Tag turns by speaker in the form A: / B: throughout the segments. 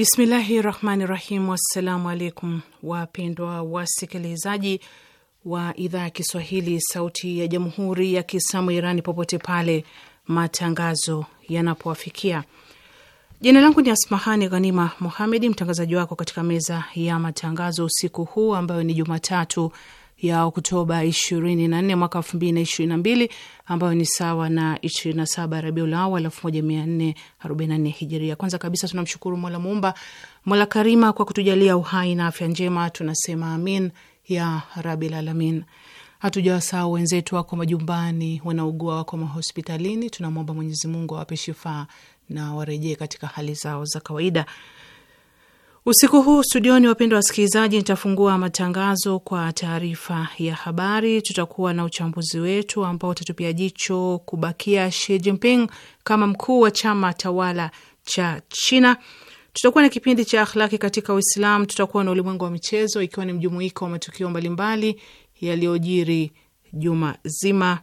A: Bismillahi rahmani rahim. Wassalamu alaikum wapendwa wasikilizaji wa idhaa ya Kiswahili sauti ya jamhuri ya Kiislamu Irani popote pale matangazo yanapowafikia. Jina langu ni Asmahani Ghanima Muhamedi, mtangazaji wako katika meza ya matangazo usiku huu, ambayo ni Jumatatu ya Oktoba 24 mwaka 2022 ambayo ni sawa na 27 Rabiul Awal 1444 Hijiria. Kwanza kabisa tunamshukuru Mola Muumba, Mola Karima kwa kutujalia uhai na afya njema, tunasema amin ya Rabil Alamin. Hatujawasahau wenzetu wako majumbani, wanaugua wako mahospitalini. Tunamwomba Mwenyezi Mungu awape shifaa na warejee katika hali zao za kawaida. Usiku huu studioni, wapendwa wasikilizaji, nitafungua matangazo kwa taarifa ya habari. Tutakuwa na uchambuzi wetu ambao utatupia jicho kubakia Xi Jinping kama mkuu wa chama tawala cha China. Tutakuwa na kipindi cha akhlaki katika Uislamu. Tutakuwa na ulimwengu wa michezo, ikiwa ni mjumuiko wa matukio mbalimbali yaliyojiri juma zima,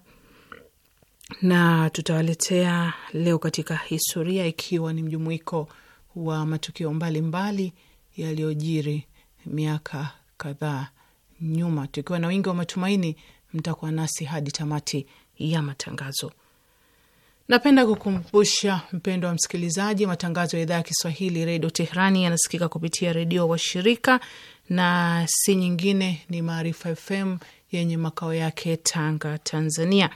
A: na tutawaletea leo katika historia, ikiwa ni mjumuiko wa matukio mbalimbali mbali yaliyojiri miaka kadhaa nyuma, tukiwa na wingi wa matumaini. Mtakuwa nasi hadi tamati ya matangazo. Napenda kukumbusha mpendo wa msikilizaji, matangazo ya idhaa ya Kiswahili redio Teherani yanasikika kupitia redio washirika na si nyingine ni Maarifa FM yenye makao yake Tanga, Tanzania.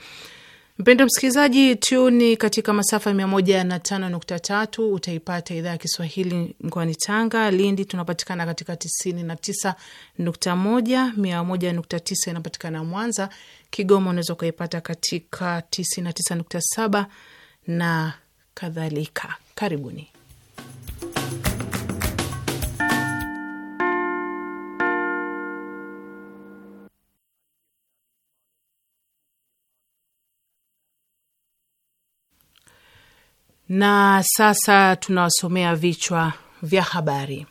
A: Mpendo msikilizaji, tuni katika masafa mia moja na tano nukta tatu utaipata idhaa ya Kiswahili mkoani Tanga. Lindi tunapatikana katika tisini na tisa nukta moja mia moja nukta tisa inapatikana Mwanza. Kigoma unaweza ukaipata katika tisini na tisa nukta saba na kadhalika. Karibuni. Na sasa tunawasomea vichwa vya habari.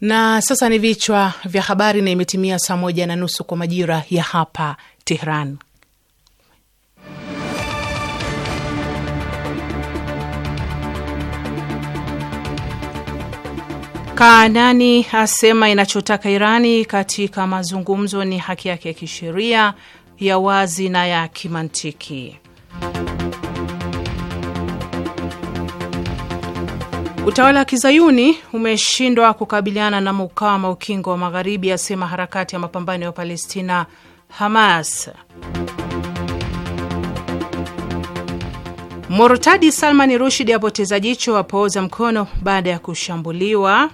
A: Na sasa ni vichwa vya habari, na imetimia saa moja na nusu kwa majira ya hapa Tehran. kanani asema inachotaka Irani katika mazungumzo ni haki yake ya kisheria ya wazi na ya kimantiki. Utawala wa kizayuni umeshindwa kukabiliana na mukawama ukingo wa magharibi, asema harakati ya mapambano ya Palestina Hamas. Murtadi Salmani Rushidi apoteza jicho, apooza mkono baada ya kushambuliwa.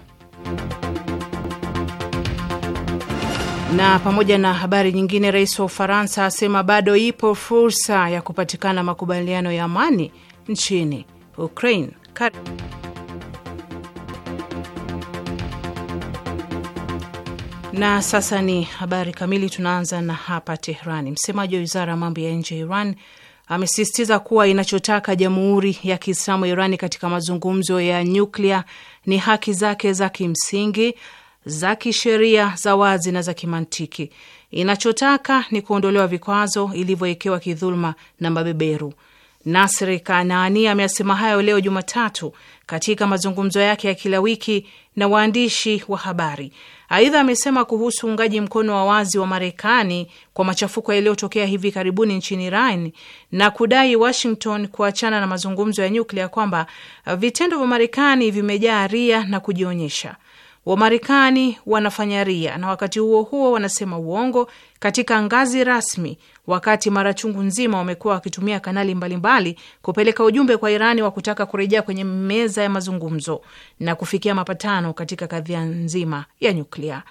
A: Na pamoja na habari nyingine, rais wa Ufaransa asema bado ipo fursa ya kupatikana makubaliano ya amani nchini Ukraine. Na sasa ni habari kamili. Tunaanza na hapa Tehrani. Msemaji wa wizara ya mambo ya nje ya Iran amesisitiza kuwa inachotaka Jamhuri ya Kiislamu ya Irani katika mazungumzo ya nyuklia ni haki zake za kimsingi za kisheria za wazi na za kimantiki. Inachotaka ni kuondolewa vikwazo ilivyowekewa kidhuluma na mabeberu. Nasri Kanaani ameyasema hayo leo Jumatatu katika mazungumzo yake ya kila wiki na waandishi wa habari. Aidha, amesema kuhusu uungaji mkono wa wazi wa Marekani kwa machafuko yaliyotokea hivi karibuni nchini Iran na kudai Washington kuachana na mazungumzo ya nyuklia kwamba vitendo vya Marekani vimejaa ria na kujionyesha. Wamarekani wanafanya ria na wakati huo huo wanasema uongo katika ngazi rasmi, wakati mara chungu nzima wamekuwa wakitumia kanali mbalimbali mbali kupeleka ujumbe kwa Irani wa kutaka kurejea kwenye meza ya mazungumzo na kufikia mapatano katika kadhia nzima ya nyuklia.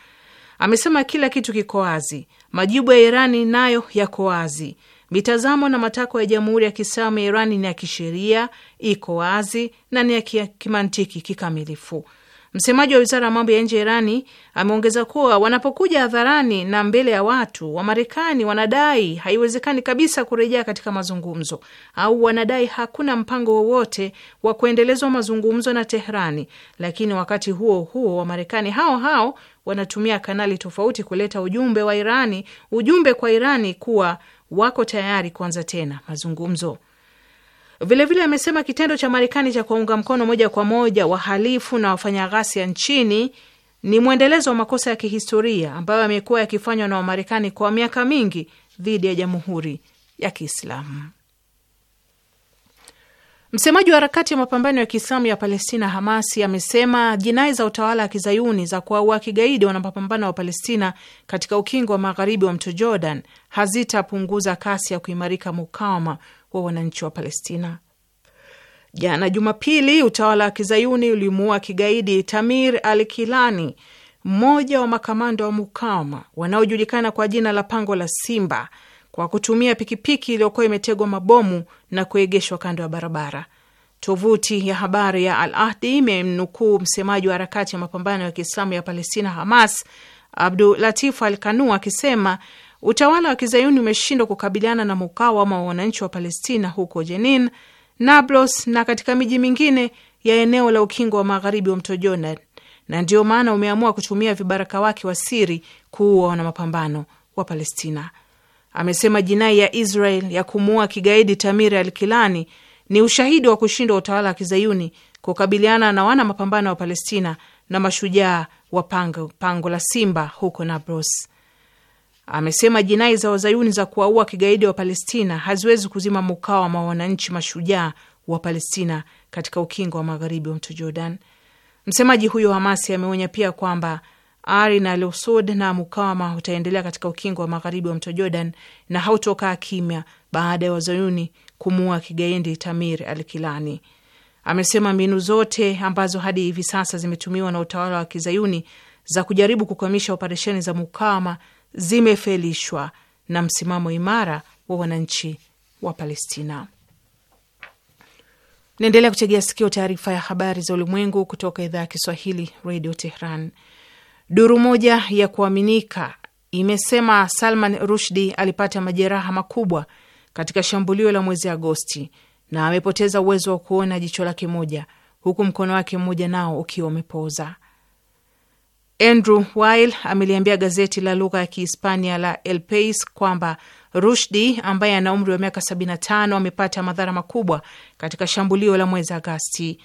A: Amesema kila kitu kiko wazi, majibu ya Irani nayo yako wazi. Mitazamo na matakwa ya Jamhuri ya Kiislamu ya Irani ni ya kisheria, iko wazi na ni ya kimantiki kikamilifu. Msemaji wa wizara ya mambo ya nje ya Irani ameongeza kuwa wanapokuja hadharani na mbele ya watu wa Marekani wanadai haiwezekani kabisa kurejea katika mazungumzo au wanadai hakuna mpango wowote wa kuendelezwa mazungumzo na Teherani, lakini wakati huo huo Wamarekani hao hao wanatumia kanali tofauti kuleta ujumbe wa Irani, ujumbe kwa Irani kuwa wako tayari kuanza tena mazungumzo. Vilevile amesema vile kitendo cha Marekani cha kuwaunga mkono moja kwa moja wahalifu na wafanya ghasia nchini ni mwendelezo wa makosa ya kihistoria ambayo yamekuwa yakifanywa na Wamarekani kwa miaka mingi dhidi ya Jamhuri ya Kiislamu. Msemaji wa harakati ya mapambano ya Kiislamu ya Palestina, Hamasi, amesema jinai za utawala wa kizayuni za kuwaua kigaidi wanapambano wa Palestina katika ukingo wa magharibi wa mto Jordan hazitapunguza kasi ya kuimarika mukawama wa wananchi wa Palestina. Jana Jumapili, utawala wa kizayuni ulimuua kigaidi Tamir al Kilani, mmoja wa makamanda wa mukawama wanaojulikana kwa jina la Pango la Simba, kwa kutumia pikipiki iliyokuwa imetegwa mabomu na kuegeshwa kando ya barabara. Tovuti ya habari ya Al Ahdi imemnukuu msemaji wa harakati ya mapambano ya kiislamu ya Palestina, Hamas, Latif al Kanu akisema Utawala wa kizayuni umeshindwa kukabiliana na mukawama wa wananchi wa Palestina huko Jenin, Nablus na katika miji mingine ya eneo la ukingo wa magharibi wa mto Jordan, na ndiyo maana umeamua kutumia vibaraka wake wa siri kuua wanamapambano wa Palestina. Amesema jinai ya Israel ya kumuua kigaidi Tamir al Kilani ni ushahidi wa kushindwa utawala wa kizayuni kukabiliana na wana mapambano wa Palestina na mashujaa wa pango, pango la Simba huko Nablus amesema jinai za wazayuni za kuwaua kigaidi wa Palestina haziwezi kuzima mukawama wa wananchi mashujaa wa Palestina katika ukingo wa magharibi wa mto Jordan. Msemaji huyo Hamasi ameonya pia kwamba ari na lusud na mukawama utaendelea katika ukingo wa magharibi wa mto Jordan na hautokaa kimya baada ya wazayuni kumuua kigaidi Tamir al-Kilani. Amesema mbinu zote ambazo hadi hivi sasa zimetumiwa na utawala wa kizayuni za kujaribu kukwamisha operesheni za mukawama zimefelishwa na msimamo imara wa wananchi wa Palestina. Naendelea kutegea sikio taarifa ya habari za ulimwengu kutoka idhaa ya Kiswahili redio Tehran. Duru moja ya kuaminika imesema Salman Rushdi alipata majeraha makubwa katika shambulio la mwezi Agosti na amepoteza uwezo wa kuona jicho lake moja, huku mkono wake mmoja nao ukiwa umepooza. Andrew Weil ameliambia gazeti la lugha ya Kihispania la El Pais kwamba Rushdi ambaye ana umri wa miaka 75 amepata madhara makubwa katika shambulio la mwezi Agasti.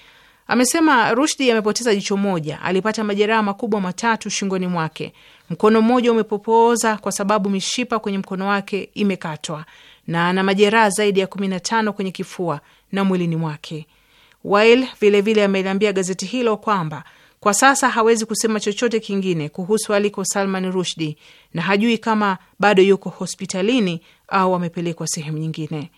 A: Amesema Rushdi amepoteza jicho moja, alipata majeraha makubwa matatu shingoni mwake, mkono mmoja umepopooza kwa sababu mishipa kwenye mkono wake imekatwa, na ana majeraha zaidi ya 15 kwenye kifua na mwilini mwake. Weil vilevile ameliambia gazeti hilo kwamba kwa sasa hawezi kusema chochote kingine kuhusu aliko Salman Rushdi na hajui kama bado yuko hospitalini au amepelekwa sehemu nyingine.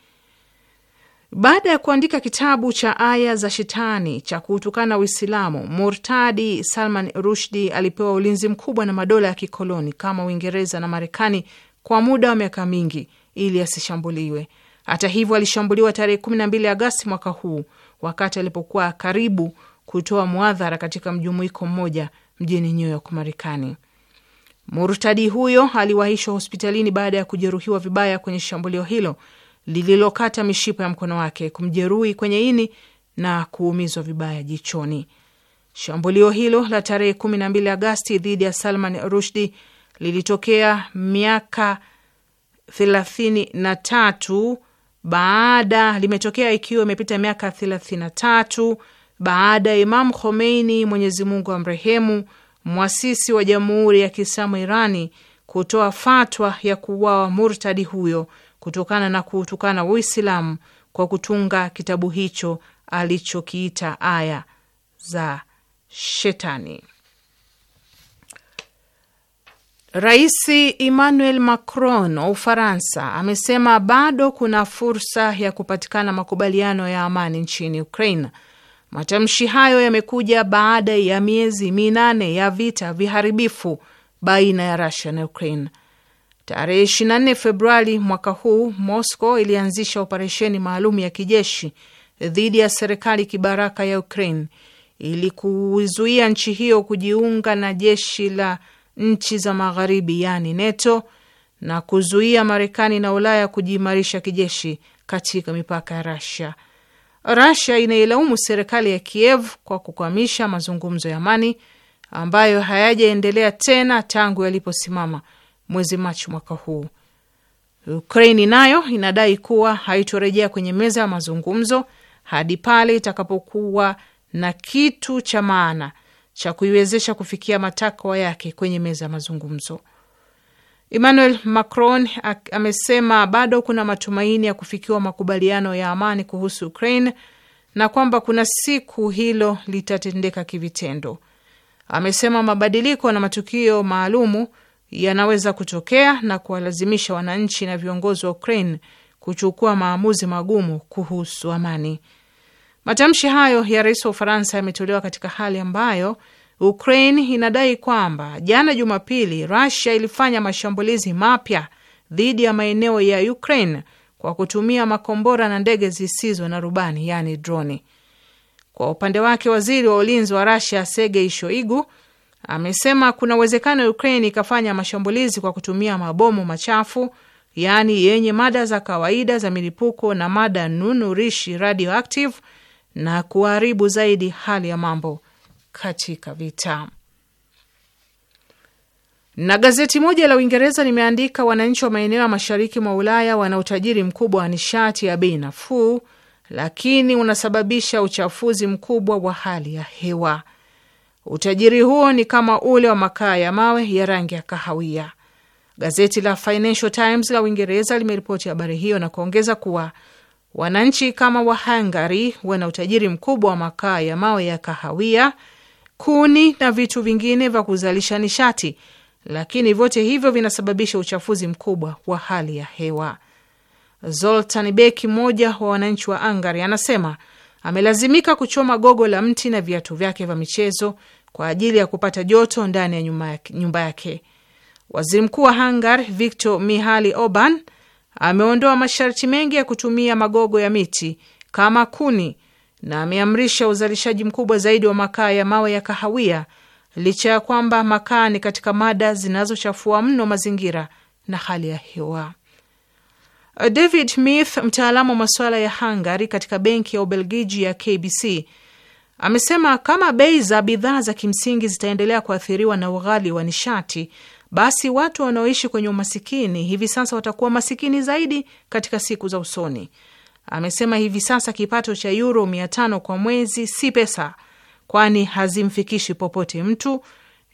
A: Baada ya kuandika kitabu cha Aya za Shetani cha kuutukana Uislamu, murtadi Salman Rushdi alipewa ulinzi mkubwa na madola ya kikoloni kama Uingereza na Marekani kwa muda wa miaka mingi ili asishambuliwe. Hata hivyo, alishambuliwa tarehe 12 Agasti mwaka huu wakati alipokuwa karibu kutoa mwadhara katika mjumuiko mmoja mjini New York, Marekani. Murtadi huyo aliwahishwa hospitalini baada ya kujeruhiwa vibaya kwenye shambulio hilo lililokata mishipa ya mkono wake, kumjeruhi kwenye ini na kuumizwa vibaya jichoni. Shambulio hilo la tarehe 12 Agasti dhidi ya Salman Rushdi lilitokea miaka 33 baada limetokea ikiwa imepita miaka baada ya Imam Khomeini, Mwenyezi Mungu amrehemu, mwasisi wa Jamhuri ya Kiislamu Irani, kutoa fatwa ya kuuawa murtadi huyo kutokana na kuutukana Uislamu kwa kutunga kitabu hicho alichokiita Aya za Shetani. Rais Emmanuel Macron wa Ufaransa amesema bado kuna fursa ya kupatikana makubaliano ya amani nchini Ukraine Matamshi hayo yamekuja baada ya miezi minane ya vita viharibifu baina ya Rusia na Ukraine. Tarehe 24 Februari mwaka huu, Moscow ilianzisha operesheni maalum ya kijeshi dhidi ya serikali kibaraka ya Ukraine ili kuzuia nchi hiyo kujiunga na jeshi la nchi za magharibi yaani NATO na kuzuia Marekani na Ulaya kujiimarisha kijeshi katika mipaka ya Rusia. Rasia inailaumu serikali ya Kiev kwa kukwamisha mazungumzo ya amani ambayo hayajaendelea tena tangu yaliposimama mwezi Machi mwaka huu. Ukraini nayo inadai kuwa haitorejea kwenye meza ya mazungumzo hadi pale itakapokuwa na kitu cha maana cha kuiwezesha kufikia matakwa yake kwenye meza ya mazungumzo. Emmanuel Macron amesema bado kuna matumaini ya kufikiwa makubaliano ya amani kuhusu Ukraine na kwamba kuna siku hilo litatendeka kivitendo. Amesema mabadiliko na matukio maalumu yanaweza kutokea na kuwalazimisha wananchi na viongozi wa Ukraine kuchukua maamuzi magumu kuhusu amani. Matamshi hayo ya rais wa Ufaransa yametolewa katika hali ambayo Ukraine inadai kwamba jana Jumapili Russia ilifanya mashambulizi mapya dhidi ya maeneo ya Ukraine kwa kutumia makombora na ndege zisizo na rubani, yaani droni. Kwa upande wake, waziri wa ulinzi wa Russia Sergei Shoigu amesema kuna uwezekano Ukraine ikafanya mashambulizi kwa kutumia mabomu machafu, yaani yenye mada za kawaida za milipuko na mada nunurishi radioactive, na kuharibu zaidi hali ya mambo katika vita. Na gazeti moja la Uingereza limeandika wananchi wa maeneo ya mashariki mwa Ulaya wana utajiri mkubwa wa nishati ya bei nafuu, lakini unasababisha uchafuzi mkubwa wa hali ya hewa. Utajiri huo ni kama ule wa makaa ya mawe ya rangi ya kahawia. Gazeti la Financial Times la Uingereza limeripoti habari hiyo na kuongeza kuwa wananchi kama wa Hungary wana utajiri mkubwa wa makaa ya mawe ya kahawia kuni na vitu vingine vya kuzalisha nishati, lakini vyote hivyo vinasababisha uchafuzi mkubwa wa hali ya hewa. Zoltan Beki, mmoja wa wananchi wa Angari, anasema amelazimika kuchoma gogo la mti na viatu vyake vya michezo kwa ajili ya kupata joto ndani ya nyumba yake. Waziri mkuu wa Hungary Victor Mihali Orban ameondoa masharti mengi ya kutumia magogo ya miti kama kuni na ameamrisha uzalishaji mkubwa zaidi wa makaa ya mawe ya kahawia licha ya kwamba makaa ni katika mada zinazochafua mno mazingira na hali ya hewa. David Meath, mtaalamu wa masuala ya Hungary katika benki ya Ubelgiji ya KBC, amesema kama bei za bidhaa za kimsingi zitaendelea kuathiriwa na ughali wa nishati, basi watu wanaoishi kwenye umasikini hivi sasa watakuwa masikini zaidi katika siku za usoni amesema hivi sasa kipato cha yuro mia tano kwa mwezi si pesa, kwani hazimfikishi popote mtu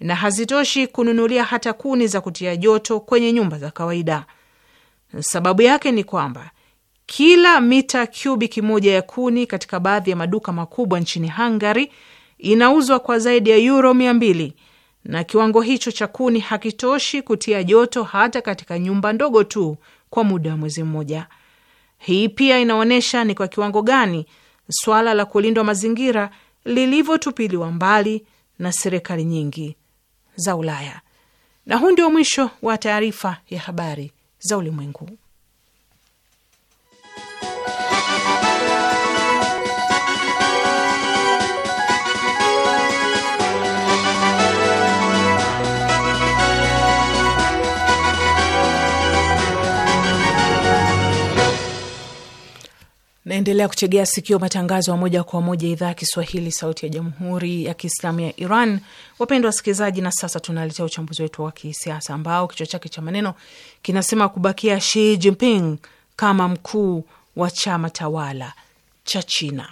A: na hazitoshi kununulia hata kuni za kutia joto kwenye nyumba za kawaida. Sababu yake ni kwamba kila mita cubic moja ya kuni katika baadhi ya maduka makubwa nchini Hungary inauzwa kwa zaidi ya yuro mia mbili na kiwango hicho cha kuni hakitoshi kutia joto hata katika nyumba ndogo tu kwa muda wa mwezi mmoja. Hii pia inaonyesha ni kwa kiwango gani swala la kulindwa mazingira lilivyotupiliwa mbali na serikali nyingi za Ulaya. Na huu ndio mwisho wa taarifa ya habari za ulimwengu. Naendelea kuchegea sikio matangazo ya moja kwa moja idhaa ya Kiswahili, sauti ya jamhuri ya kiislamu ya Iran. Wapendwa wasikilizaji, na sasa tunaletea uchambuzi wetu wa kisiasa ambao kichwa chake cha maneno kinasema kubakia Xi Jinping kama mkuu wa chama tawala cha China.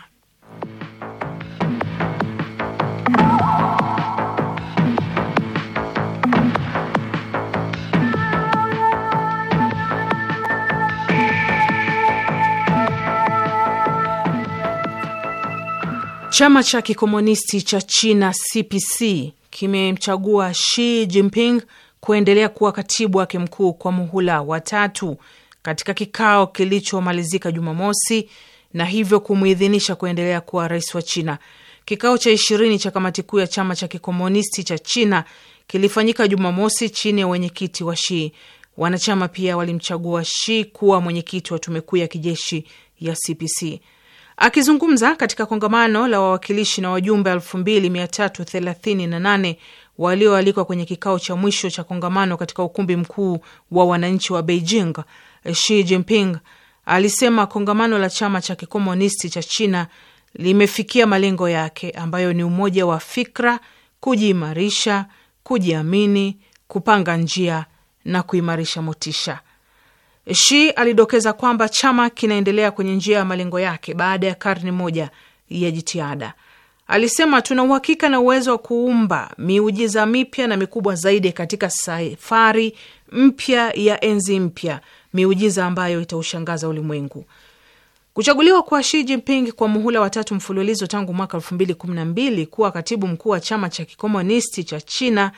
A: Chama cha kikomunisti cha China CPC kimemchagua Xi Jinping kuendelea kuwa katibu wake mkuu kwa muhula wa tatu katika kikao kilichomalizika Jumamosi na hivyo kumuidhinisha kuendelea kuwa rais wa China. Kikao cha ishirini cha kamati kuu ya chama cha kikomunisti cha China kilifanyika Jumamosi chini ya wenyekiti wa Shi. Wanachama pia walimchagua Shi kuwa mwenyekiti wa tume kuu ya kijeshi ya CPC. Akizungumza katika kongamano la wawakilishi na wajumbe 2338 walioalikwa kwenye kikao cha mwisho cha kongamano katika ukumbi mkuu wa wananchi wa Beijing, Xi Jinping alisema kongamano la chama cha kikomunisti cha China limefikia malengo yake ambayo ni umoja wa fikra, kujiimarisha, kujiamini, kupanga njia na kuimarisha motisha. Shi alidokeza kwamba chama kinaendelea kwenye njia ya malengo yake baada ya karne moja ya jitihada. Alisema, tuna uhakika na uwezo wa kuumba miujiza mipya na mikubwa zaidi katika safari mpya ya enzi mpya, miujiza ambayo itaushangaza ulimwengu. Kuchaguliwa kwa Xi Jinping kwa muhula watatu mfululizo tangu mwaka elfu mbili kumi na mbili kuwa katibu mkuu wa chama cha kikomunisti cha China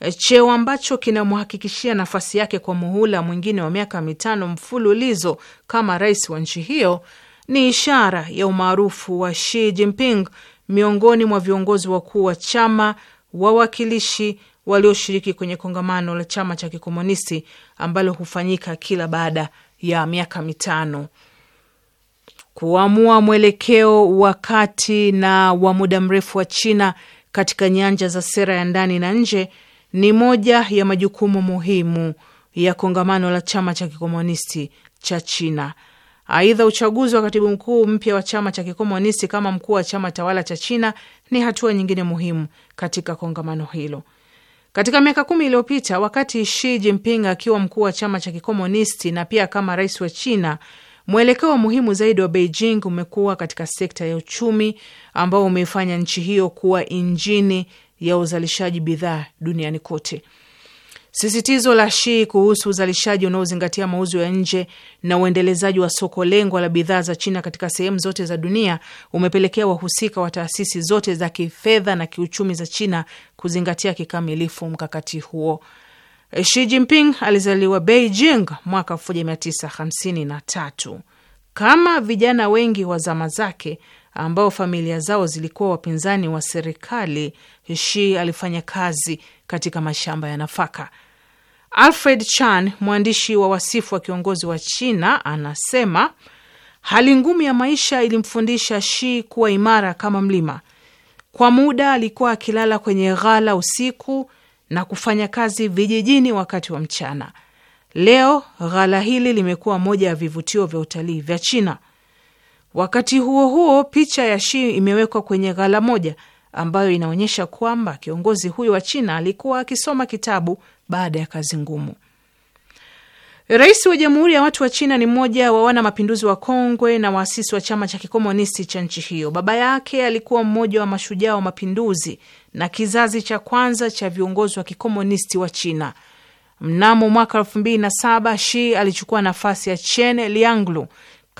A: Eh, cheo ambacho kinamhakikishia nafasi yake kwa muhula mwingine wa miaka mitano mfululizo kama rais wa nchi hiyo, ni ishara ya umaarufu wa Xi Jinping miongoni mwa viongozi wakuu wa chama wawakilishi walioshiriki kwenye kongamano la chama cha kikomunisti ambalo hufanyika kila baada ya miaka mitano. Kuamua mwelekeo wa kati na wa muda mrefu wa China katika nyanja za sera ya ndani na nje ni moja ya majukumu muhimu ya kongamano la chama cha kikomunisti cha China. Aidha, uchaguzi wa katibu mkuu mpya wa chama cha kikomunisti kama mkuu wa chama tawala cha China ni hatua nyingine muhimu katika kongamano hilo. Katika miaka kumi iliyopita, wakati Xi Jinping akiwa mkuu wa chama cha kikomunisti na pia kama rais wa China, mwelekeo muhimu zaidi wa Beijing umekuwa katika sekta ya uchumi ambao umeifanya nchi hiyo kuwa injini ya uzalishaji bidhaa duniani kote. Sisitizo la Shii kuhusu uzalishaji unaozingatia mauzo ya nje na uendelezaji wa soko lengwa la bidhaa za China katika sehemu zote za dunia umepelekea wahusika wa taasisi zote za kifedha na kiuchumi za China kuzingatia kikamilifu mkakati huo. Shi Jinping alizaliwa Beijing mwaka 1953. Kama vijana wengi wa zama zake, ambao familia zao zilikuwa wapinzani wa serikali, Shi alifanya kazi katika mashamba ya nafaka. Alfred Chan, mwandishi wa wasifu wa kiongozi wa China, anasema hali ngumu ya maisha ilimfundisha Shi kuwa imara kama mlima. Kwa muda alikuwa akilala kwenye ghala usiku na kufanya kazi vijijini wakati wa mchana. Leo ghala hili limekuwa moja ya vivutio vya utalii vya China. Wakati huo huo, picha ya Shi imewekwa kwenye ghala moja ambayo inaonyesha kwamba kiongozi huyo wa China alikuwa akisoma kitabu baada ya kazi ngumu. Rais wa Jamhuri ya Watu wa China ni mmoja wa wana mapinduzi wa kongwe na waasisi wa chama cha kikomunisti cha nchi hiyo. Baba yake alikuwa mmoja wa mashujaa wa mapinduzi na kizazi cha kwanza cha viongozi wa kikomunisti wa China. Mnamo mwaka elfu mbili na saba Shi alichukua nafasi ya Chen Lianglu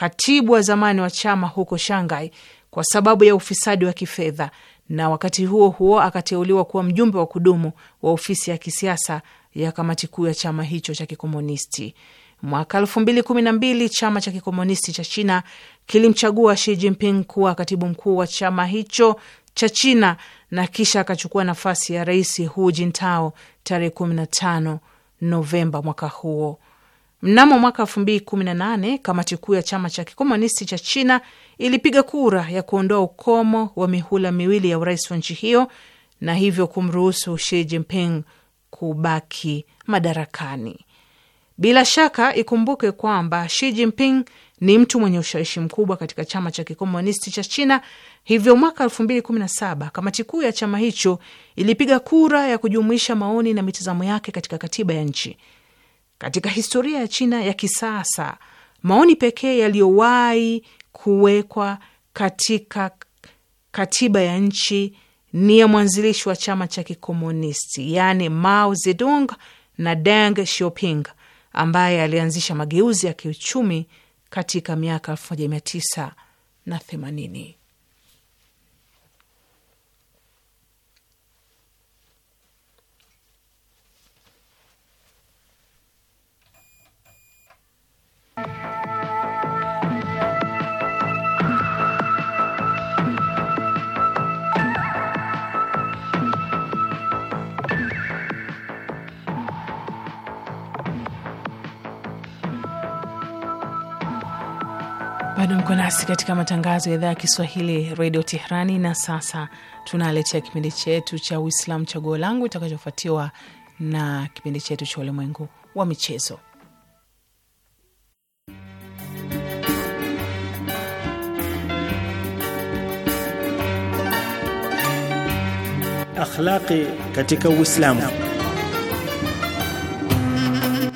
A: katibu wa zamani wa chama huko Shanghai kwa sababu ya ufisadi wa kifedha, na wakati huo huo akateuliwa kuwa mjumbe wa kudumu wa ofisi ya kisiasa ya kamati kuu ya chama hicho cha kikomunisti. Mwaka elfu mbili kumi na mbili chama cha kikomunisti cha China kilimchagua Xi Jinping kuwa katibu mkuu wa chama hicho cha China na kisha akachukua nafasi ya rais Hu Jintao tarehe 15 Novemba mwaka huo. Mnamo mwaka nane kamati kuu ya chama cha kikomunisti cha China ilipiga kura ya kuondoa ukomo wa mihula miwili ya urais wa nchi hiyo na hivyo kumruhusu Xi Jinping kubaki madarakani. Bila shaka ikumbuke kwamba Xi Jinping ni mtu mwenye ushawishi mkubwa katika chama cha kikomunisti cha China. Hivyo mwaka saba kamati kuu ya chama hicho ilipiga kura ya kujumuisha maoni na mitazamo yake katika katiba ya nchi. Katika historia ya China ya kisasa, maoni pekee yaliyowahi kuwekwa katika katiba ya nchi ni ya mwanzilishi wa chama cha kikomunisti yaani Mao Zedong na Deng Xiaoping ambaye alianzisha mageuzi ya kiuchumi katika miaka 1980. Mko nasi katika matangazo ya idhaa ya Kiswahili redio tehrani Na sasa tunaletea kipindi chetu cha Uislamu chaguo langu, itakachofuatiwa na kipindi chetu cha ulimwengu wa michezo.
B: Akhlaqi katika Uislamu.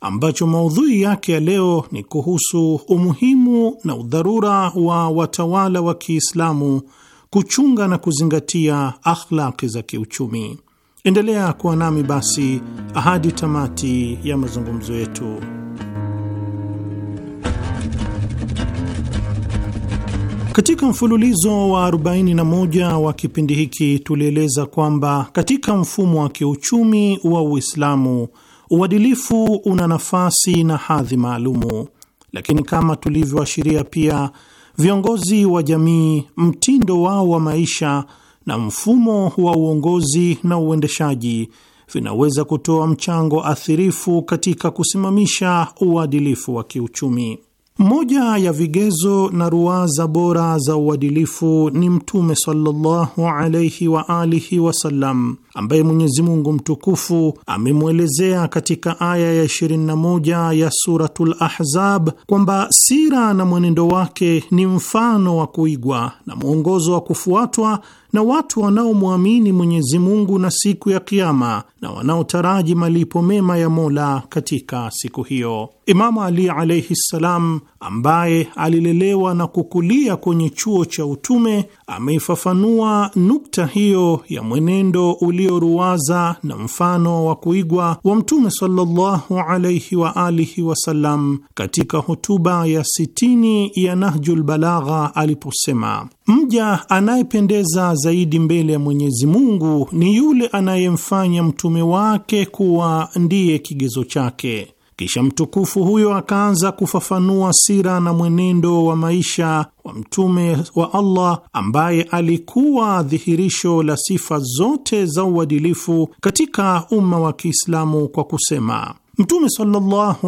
C: ambacho maudhui yake ya leo ni kuhusu umuhimu na udharura wa watawala wa Kiislamu kuchunga na kuzingatia akhlaki za kiuchumi. Endelea kuwa nami basi hadi tamati ya mazungumzo yetu. Katika mfululizo wa 41 wa kipindi hiki tulieleza kwamba katika mfumo wa kiuchumi wa Uislamu Uadilifu una nafasi na hadhi maalumu, lakini kama tulivyoashiria pia, viongozi wa jamii, mtindo wao wa maisha na mfumo wa uongozi na uendeshaji vinaweza kutoa mchango athirifu katika kusimamisha uadilifu wa kiuchumi. Moja ya vigezo na ruwaza bora za uadilifu ni Mtume sallallahu alaihi wa alihi wasallam ambaye Mwenyezi Mungu mtukufu amemwelezea katika aya ya 21 ya Suratul Ahzab kwamba sira na mwenendo wake ni mfano wa kuigwa na mwongozo wa kufuatwa na watu wanaomwamini Mwenyezi Mungu na siku ya Kiama na wanaotaraji malipo mema ya Mola katika siku hiyo. Imamu Ali alaihi ssalam, ambaye alilelewa na kukulia kwenye chuo cha utume, ameifafanua nukta hiyo ya mwenendo ulio ulio ruwaza na mfano wa kuigwa wa Mtume sallallahu alayhi wa alihi wasallam katika hotuba ya sitini ya Nahjul Balagha aliposema, mja anayependeza zaidi mbele ya Mwenyezi Mungu ni yule anayemfanya mtume wake kuwa ndiye kigezo chake kisha mtukufu huyo akaanza kufafanua sira na mwenendo wa maisha wa mtume wa Allah ambaye alikuwa dhihirisho la sifa zote za uadilifu katika umma wa Kiislamu kwa kusema Mtume sallallahu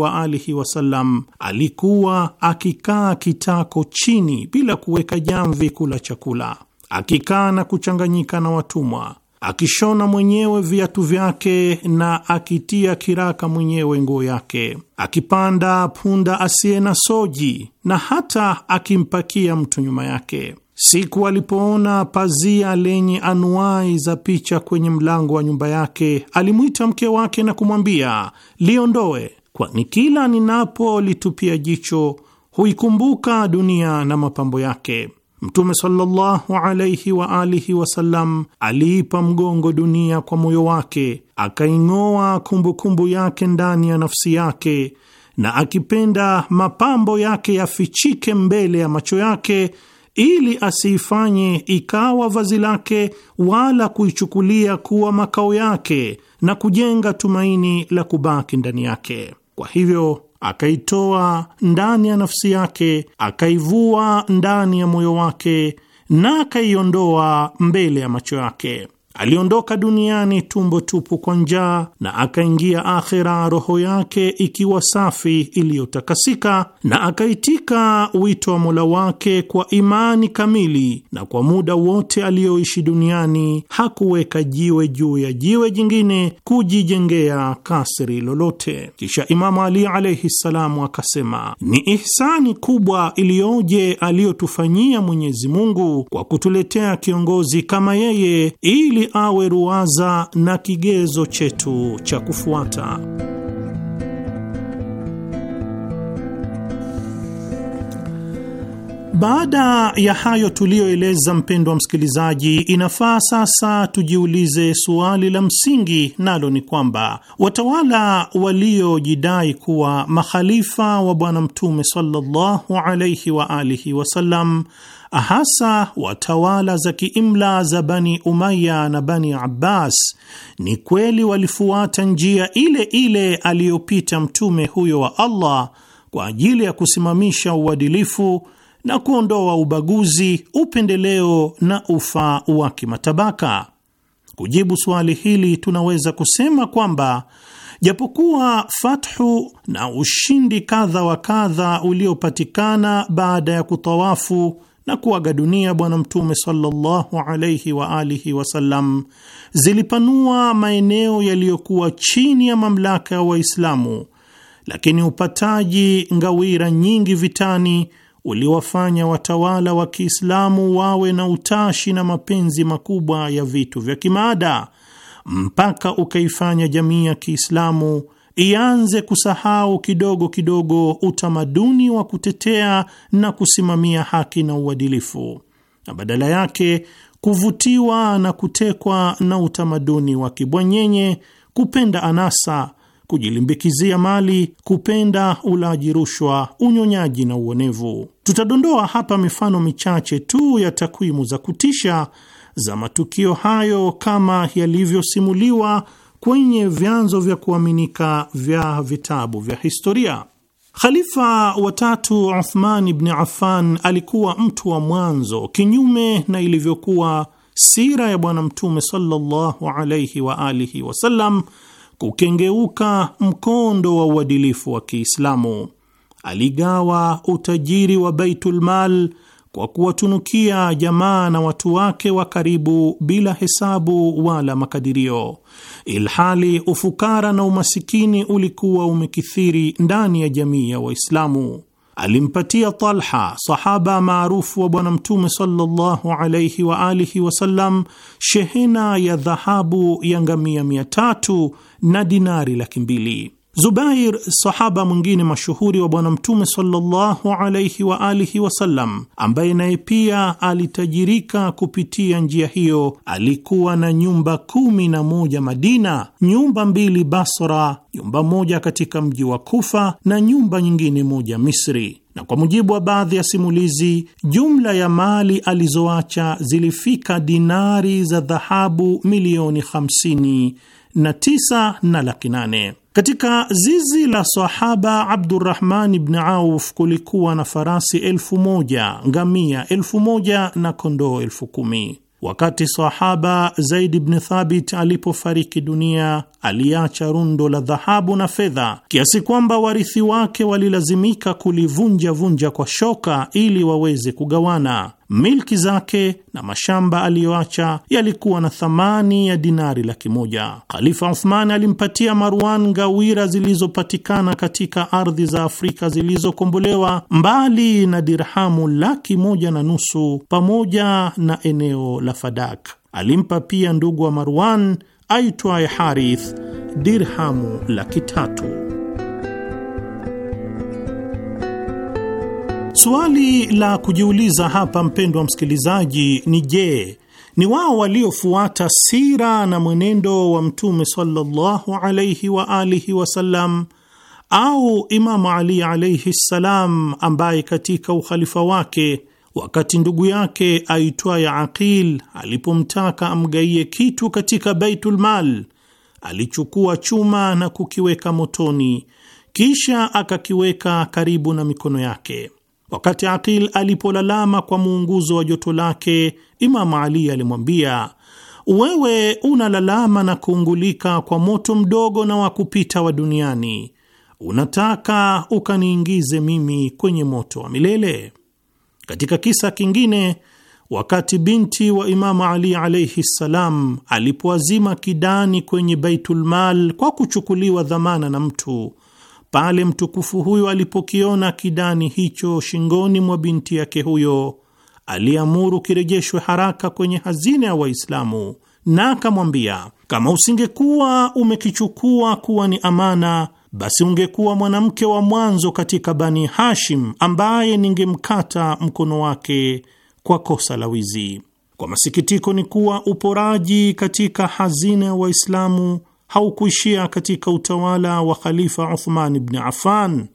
C: wa alihi wasallam alikuwa akikaa kitako chini bila kuweka jamvi kula chakula, akikaa na kuchanganyika na watumwa akishona mwenyewe viatu vyake na akitia kiraka mwenyewe nguo yake, akipanda punda asiye na soji na hata akimpakia mtu nyuma yake. Siku alipoona pazia lenye anuai za picha kwenye mlango wa nyumba yake, alimwita mke wake na kumwambia liondoe, kwani kila ninapolitupia jicho huikumbuka dunia na mapambo yake. Mtume sallallahu alaihi wa alihi wasallam aliipa mgongo dunia kwa moyo wake, akaing'oa kumbukumbu yake ndani ya nafsi yake, na akipenda mapambo yake yafichike mbele ya macho yake ili asiifanye ikawa vazi lake wala kuichukulia kuwa makao yake na kujenga tumaini la kubaki ndani yake. Kwa hivyo akaitoa ndani ya nafsi yake, akaivua ndani ya moyo wake na akaiondoa mbele ya macho yake. Aliondoka duniani tumbo tupu kwa njaa na akaingia akhira roho yake ikiwa safi iliyotakasika, na akaitika wito wa Mola wake kwa imani kamili, na kwa muda wote aliyoishi duniani hakuweka jiwe juu ya jiwe jingine kujijengea kasri lolote. Kisha Imamu Ali alaihi ssalamu akasema, ni ihsani kubwa iliyoje aliyotufanyia Mwenyezi Mungu kwa kutuletea kiongozi kama yeye ili awe ruwaza na kigezo chetu cha kufuata. Baada ya hayo tuliyoeleza, mpendwa msikilizaji, inafaa sasa tujiulize suali la msingi, nalo ni kwamba watawala waliojidai kuwa makhalifa wa Bwana Mtume sallallahu alaihi wa alihi wasallam, hasa watawala za kiimla za Bani Umaya na Bani Abbas, ni kweli walifuata njia ile ile aliyopita mtume huyo wa Allah kwa ajili ya kusimamisha uadilifu na kuondoa ubaguzi, upendeleo na ufaa wa kimatabaka. Kujibu suali hili, tunaweza kusema kwamba japokuwa fathu na ushindi kadha wa kadha uliopatikana baada ya kutawafu na kuaga dunia Bwana Mtume sallallahu alaihi wa alihi wasallam zilipanua maeneo yaliyokuwa chini ya mamlaka ya wa Waislamu, lakini upataji ngawira nyingi vitani uliwafanya watawala wa Kiislamu wawe na utashi na mapenzi makubwa ya vitu vya kimaada mpaka ukaifanya jamii ya Kiislamu ianze kusahau kidogo kidogo utamaduni wa kutetea na kusimamia haki na uadilifu na badala yake kuvutiwa na kutekwa na utamaduni wa kibwanyenye, kupenda anasa kujilimbikizia mali, kupenda ulaji rushwa, unyonyaji na uonevu. Tutadondoa hapa mifano michache tu ya takwimu za kutisha za matukio hayo kama yalivyosimuliwa kwenye vyanzo vya kuaminika vya vitabu vya historia. Khalifa watatu Uthman ibn Affan alikuwa mtu wa mwanzo, kinyume na ilivyokuwa sira ya Bwana Mtume sallallahu alaihi wa alihi wasallam kukengeuka mkondo wa uadilifu wa Kiislamu. Aligawa utajiri wa Baitulmal kwa kuwatunukia jamaa na watu wake wa karibu bila hesabu wala makadirio, ilhali ufukara na umasikini ulikuwa umekithiri ndani ya jamii ya Waislamu alimpatia Talha, sahaba maarufu wa Bwana Mtume sallallahu alaihi wa alihi wasallam, shehena ya dhahabu ya ngamia mia tatu na dinari laki mbili. Zubair, sahaba mwingine mashuhuri wa Bwana Mtume sallallahu alaihi wa alihi wasallam, ambaye naye pia alitajirika kupitia njia hiyo, alikuwa na nyumba kumi na moja Madina, nyumba mbili Basra, nyumba moja katika mji wa Kufa na nyumba nyingine moja Misri na kwa mujibu wa baadhi ya simulizi, jumla ya mali alizoacha zilifika dinari za dhahabu milioni 59 na laki nane. Katika zizi la sahaba Abdurrahman ibn Auf kulikuwa na farasi elfu moja, ngamia elfu moja na kondoo elfu kumi. Wakati sahaba Zaid ibn Thabit alipofariki dunia, aliacha rundo la dhahabu na fedha kiasi kwamba warithi wake walilazimika kulivunja vunja kwa shoka ili waweze kugawana milki zake na mashamba aliyoacha yalikuwa na thamani ya dinari laki moja. Khalifa Uthman alimpatia Marwan ngawira zilizopatikana katika ardhi za Afrika zilizokombolewa, mbali na dirhamu laki moja na nusu pamoja na eneo la Fadak. Alimpa pia ndugu wa Marwan aitwaye Harith dirhamu laki tatu. Suali la kujiuliza hapa, mpendwa msikilizaji, ni je, ni wao waliofuata sira na mwenendo wa Mtume sallallahu alaihi wa alihi wasallam au Imamu Ali alaihi ssalam, ambaye katika ukhalifa wake wakati ndugu yake aitwaye Aqil alipomtaka amgaie kitu katika Baitulmal alichukua chuma na kukiweka motoni, kisha akakiweka karibu na mikono yake. Wakati Aqil alipolalama kwa muunguzo wa joto lake, Imamu Ali alimwambia, wewe unalalama na kuungulika kwa moto mdogo na wa kupita wa duniani, unataka ukaniingize mimi kwenye moto wa milele? Katika kisa kingine, wakati binti wa Imamu Ali alaihi ssalam alipoazima kidani kwenye Baitulmal kwa kuchukuliwa dhamana na mtu pale mtukufu huyo alipokiona kidani hicho shingoni mwa binti yake huyo, aliamuru kirejeshwe haraka kwenye hazina ya Waislamu na akamwambia, kama usingekuwa umekichukua kuwa ni amana, basi ungekuwa mwanamke wa mwanzo katika Bani Hashim ambaye ningemkata mkono wake kwa kosa la wizi. Kwa masikitiko ni kuwa uporaji katika hazina ya Waislamu haukuishia katika utawala wa Khalifa Uthman ibn Affan,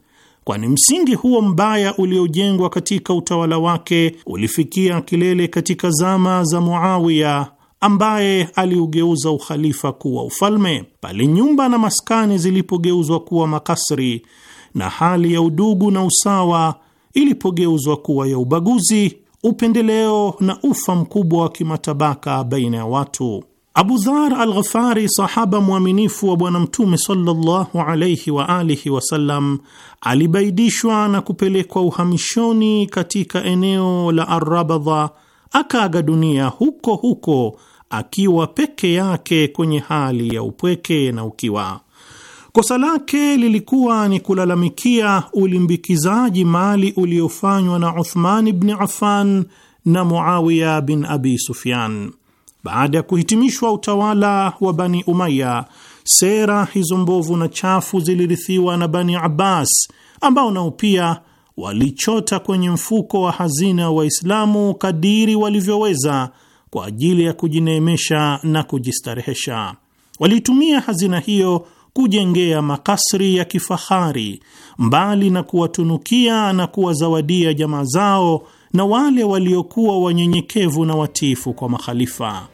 C: kwani msingi huo mbaya uliojengwa katika utawala wake ulifikia kilele katika zama za Muawiya ambaye aliugeuza ukhalifa kuwa ufalme, pale nyumba na maskani zilipogeuzwa kuwa makasri na hali ya udugu na usawa ilipogeuzwa kuwa ya ubaguzi, upendeleo na ufa mkubwa wa kimatabaka baina ya watu. Abu Dhar al-Ghafari, sahaba mwaminifu wa Bwana Mtume sallallahu alayhi wa alihi wasallam, alibaidishwa na kupelekwa uhamishoni katika eneo la Arrabadha, akaaga dunia huko huko akiwa peke yake kwenye hali ya upweke na ukiwa. Kosa lake lilikuwa ni kulalamikia ulimbikizaji mali uliofanywa na Uthman ibn Affan na Muawiya bin Abi Sufyan. Baada ya kuhitimishwa utawala wa Bani Umaya, sera hizo mbovu na chafu zilirithiwa na Bani Abbas ambao nao pia walichota kwenye mfuko wa hazina wa Waislamu kadiri walivyoweza kwa ajili ya kujineemesha na kujistarehesha. Walitumia hazina hiyo kujengea makasri ya kifahari, mbali na kuwatunukia na kuwazawadia jamaa zao na wale waliokuwa wanyenyekevu na watiifu kwa makhalifa,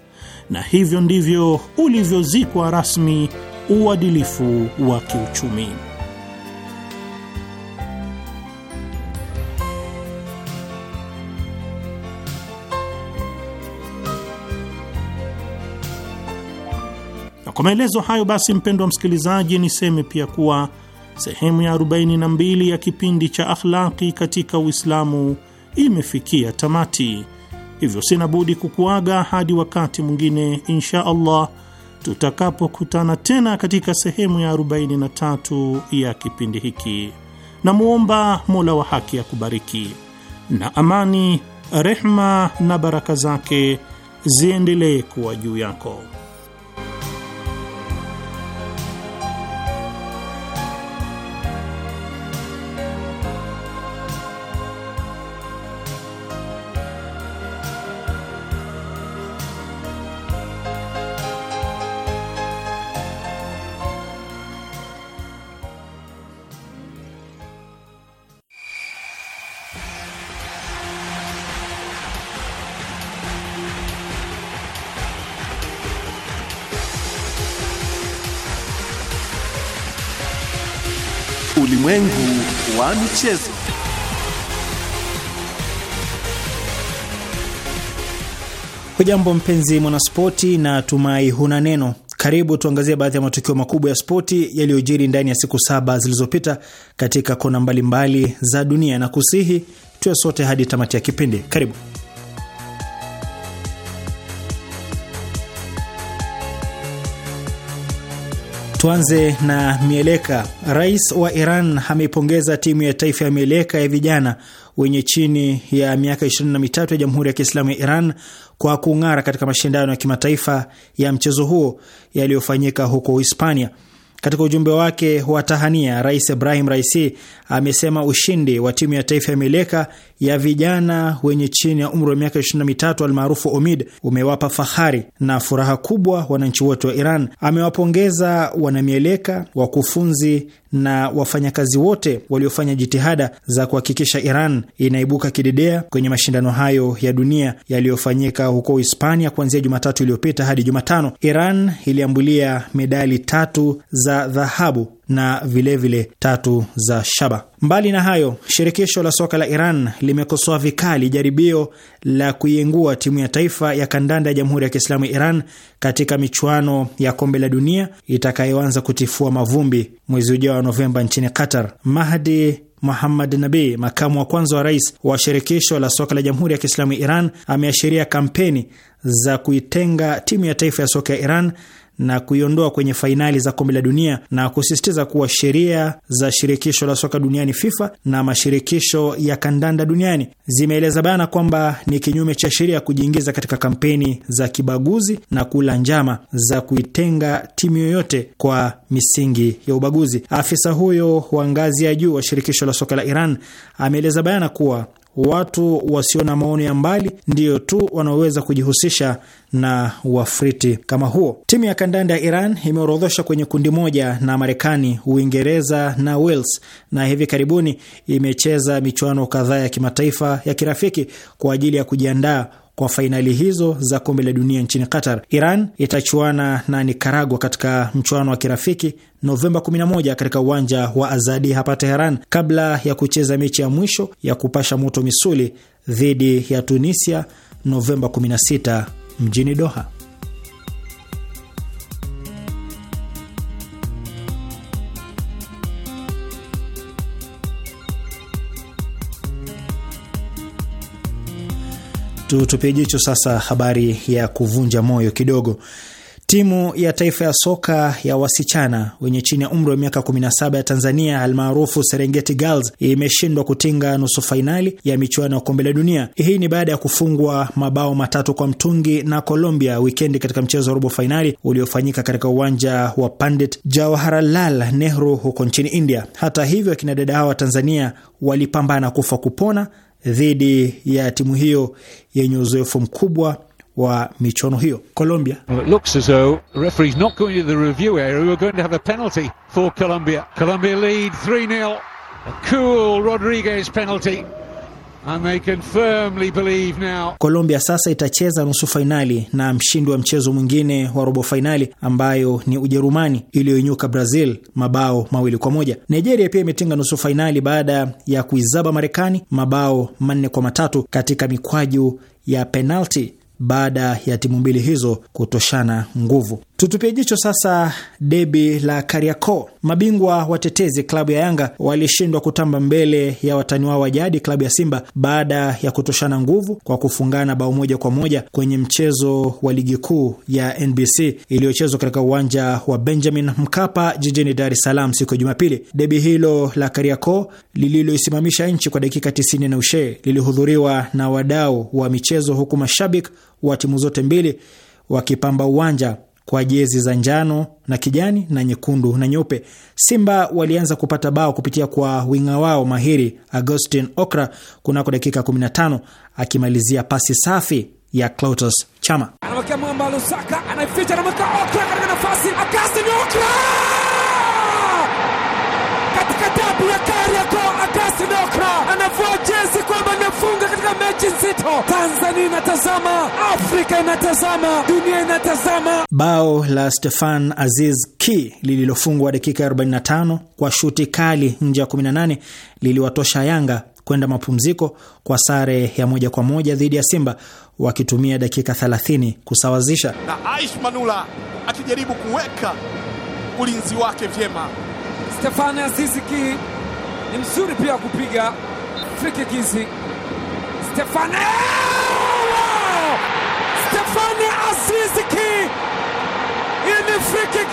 C: na hivyo ndivyo ulivyozikwa rasmi uadilifu wa kiuchumi. Na kwa maelezo hayo basi, mpendo wa msikilizaji, niseme pia kuwa sehemu ya 42 ya kipindi cha Akhlaqi katika Uislamu imefikia tamati. Hivyo sina budi kukuaga hadi wakati mwingine insha Allah tutakapokutana tena katika sehemu ya 43 ya kipindi hiki. Namwomba Mola wa haki akubariki, na amani, rehma na baraka zake ziendelee kuwa juu yako. michezo.
B: Hujambo mpenzi mwanaspoti, na tumai huna neno. Karibu tuangazie baadhi ya matukio makubwa ya spoti yaliyojiri ndani ya siku saba zilizopita katika kona mbalimbali mbali za dunia, na kusihi tuwe sote hadi tamati ya kipindi. Karibu. Tuanze na mieleka. Rais wa Iran ameipongeza timu ya taifa ya mieleka ya vijana wenye chini ya miaka 23 ya Jamhuri ya Kiislamu ya Iran kwa kung'ara katika mashindano ya kimataifa ya mchezo huo yaliyofanyika huko Hispania. Katika ujumbe wake wa tahania, Rais Ibrahim Raisi amesema ushindi wa timu ya taifa ya mieleka ya vijana wenye chini ya umri wa miaka 23 almaarufu Omid umewapa fahari na furaha kubwa wananchi wote wa Iran. Amewapongeza wanamieleka, wakufunzi na wafanyakazi wote waliofanya jitihada za kuhakikisha Iran inaibuka kidedea kwenye mashindano hayo ya dunia yaliyofanyika huko Hispania kuanzia Jumatatu iliyopita hadi Jumatano. Iran iliambulia medali tatu za dhahabu na vilevile vile tatu za shaba. Mbali na hayo, shirikisho la soka la Iran limekosoa vikali jaribio la kuiengua timu ya taifa ya kandanda ya Jamhuri ya Kiislamu ya Iran katika michuano ya kombe la dunia itakayoanza kutifua mavumbi mwezi ujao wa Novemba nchini Qatar. Mahdi Muhammad Nabi, makamu wa kwanza wa rais wa shirikisho la soka la Jamhuri ya Kiislamu ya Iran, ameashiria kampeni za kuitenga timu ya taifa ya soka ya Iran na kuiondoa kwenye fainali za kombe la dunia na kusisitiza kuwa sheria za shirikisho la soka duniani FIFA na mashirikisho ya kandanda duniani zimeeleza bayana kwamba ni kinyume cha sheria kujiingiza katika kampeni za kibaguzi na kula njama za kuitenga timu yoyote kwa misingi ya ubaguzi. Afisa huyo wa ngazi ya juu wa shirikisho la soka la Iran ameeleza bayana kuwa watu wasio na maoni ya mbali ndiyo tu wanaoweza kujihusisha na wafriti kama huo. Timu ya kandanda ya Iran imeorodhosha kwenye kundi moja na Marekani, Uingereza na Wales, na hivi karibuni imecheza michuano kadhaa ya kimataifa ya kirafiki kwa ajili ya kujiandaa kwa fainali hizo za kombe la dunia nchini Qatar. Iran itachuana na nikaragua katika mchuano wa kirafiki Novemba 11 katika uwanja wa Azadi hapa Teheran, kabla ya kucheza mechi ya mwisho ya kupasha moto misuli dhidi ya Tunisia Novemba 16 mjini Doha. Tutupie jicho sasa habari ya kuvunja moyo kidogo. Timu ya taifa ya soka ya wasichana wenye chini ya umri wa miaka 17 ya Tanzania almaarufu Serengeti Girls imeshindwa kutinga nusu fainali ya michuano ya kombe la dunia. Hii ni baada ya kufungwa mabao matatu kwa mtungi na Colombia wikendi katika mchezo wa robo fainali uliofanyika katika uwanja wa Pandit Jawaharlal Nehru huko nchini India. Hata hivyo, akina dada hawa wa Tanzania walipambana kufa kupona dhidi ya timu hiyo yenye uzoefu mkubwa wa michuano hiyo Colombia. looks as though
D: referee's not going to the review area. We're going to have a penalty for Colombia. Colombia lead 3-0. cool Rodriguez penalty. And they can firmly believe now.
B: Colombia sasa itacheza nusu fainali na mshindi wa mchezo mwingine wa robo fainali ambayo ni Ujerumani iliyoinyuka Brazil mabao mawili kwa moja. Nigeria pia imetinga nusu fainali baada ya kuizaba Marekani mabao manne kwa matatu katika mikwaju ya penalti baada ya timu mbili hizo kutoshana nguvu tutupie jicho sasa debi la Kariakoo. Mabingwa watetezi klabu ya Yanga walishindwa kutamba mbele ya watani wao wa jadi klabu ya Simba baada ya kutoshana nguvu kwa kufungana bao moja kwa moja kwenye mchezo wa ligi kuu ya NBC iliyochezwa katika uwanja wa Benjamin Mkapa jijini Dar es Salaam siku ya Jumapili. Debi hilo la Kariakoo lililoisimamisha nchi kwa dakika 90 na ushee lilihudhuriwa na wadau wa michezo, huku mashabiki wa timu zote mbili wakipamba uwanja kwa jezi za njano na kijani na nyekundu na nyeupe. Simba walianza kupata bao kupitia kwa winga wao mahiri Agustin Okra kunako dakika 15 akimalizia pasi safi ya clotus Chama.
E: Tunacheza mechi nzito, Tanzania inatazama, Afrika inatazama, dunia inatazama.
B: Bao la Stefan Aziz Ki lililofungwa dakika 45 kwa shuti kali nje ya 18 liliwatosha Yanga kwenda mapumziko kwa sare ya moja kwa moja dhidi ya Simba wakitumia dakika 30 kusawazisha,
E: na Aish Manula akijaribu kuweka ulinzi wake vyema. Stefan Aziz Ki ni mzuri pia kupiga free Stefane Stefane